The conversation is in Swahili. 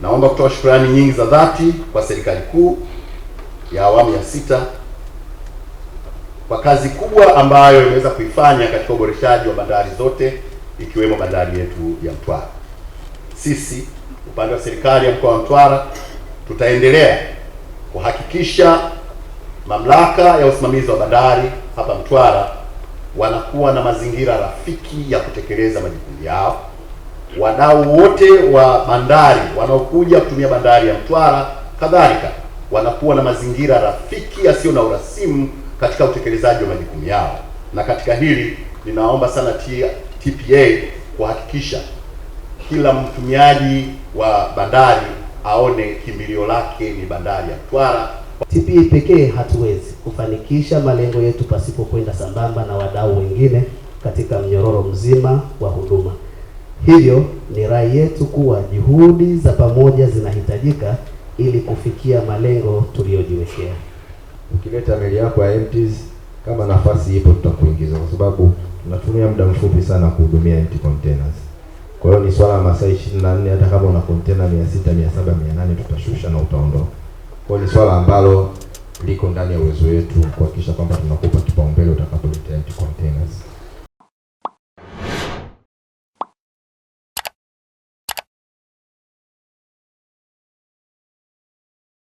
Naomba kutoa shukrani nyingi za dhati kwa serikali kuu ya awamu ya sita kwa kazi kubwa ambayo imeweza kuifanya katika uboreshaji wa bandari zote ikiwemo bandari yetu ya Mtwara. Sisi upande wa serikali ya mkoa wa Mtwara tutaendelea kuhakikisha mamlaka ya usimamizi wa bandari hapa Mtwara wanakuwa na mazingira rafiki ya kutekeleza majukumu yao wadau wote wa bandari wanaokuja kutumia bandari ya Mtwara kadhalika wanakuwa na mazingira rafiki yasiyo na urasimu katika utekelezaji wa majukumu yao, na katika hili ninaomba sana TPA kuhakikisha kila mtumiaji wa bandari aone kimbilio lake ni bandari ya Mtwara. TPA pekee hatuwezi kufanikisha malengo yetu pasipo kwenda sambamba na wadau wengine katika mnyororo mzima wa huduma. Hivyo ni rai yetu kuwa juhudi za pamoja zinahitajika ili kufikia malengo tuliyojiwekea. Ukileta meli yako ya empties, kama nafasi ipo, tutakuingiza kwa sababu tunatumia muda mfupi sana kuhudumia empty containers. Kwa hiyo ni swala la masaa 24 hata kama una container 600, 700, 800 tutashusha na utaondoka. Kwa hiyo ni swala ambalo liko ndani ya uwezo wetu kuhakikisha kwamba tunakupa kipaumbele utakapoleta empty containers.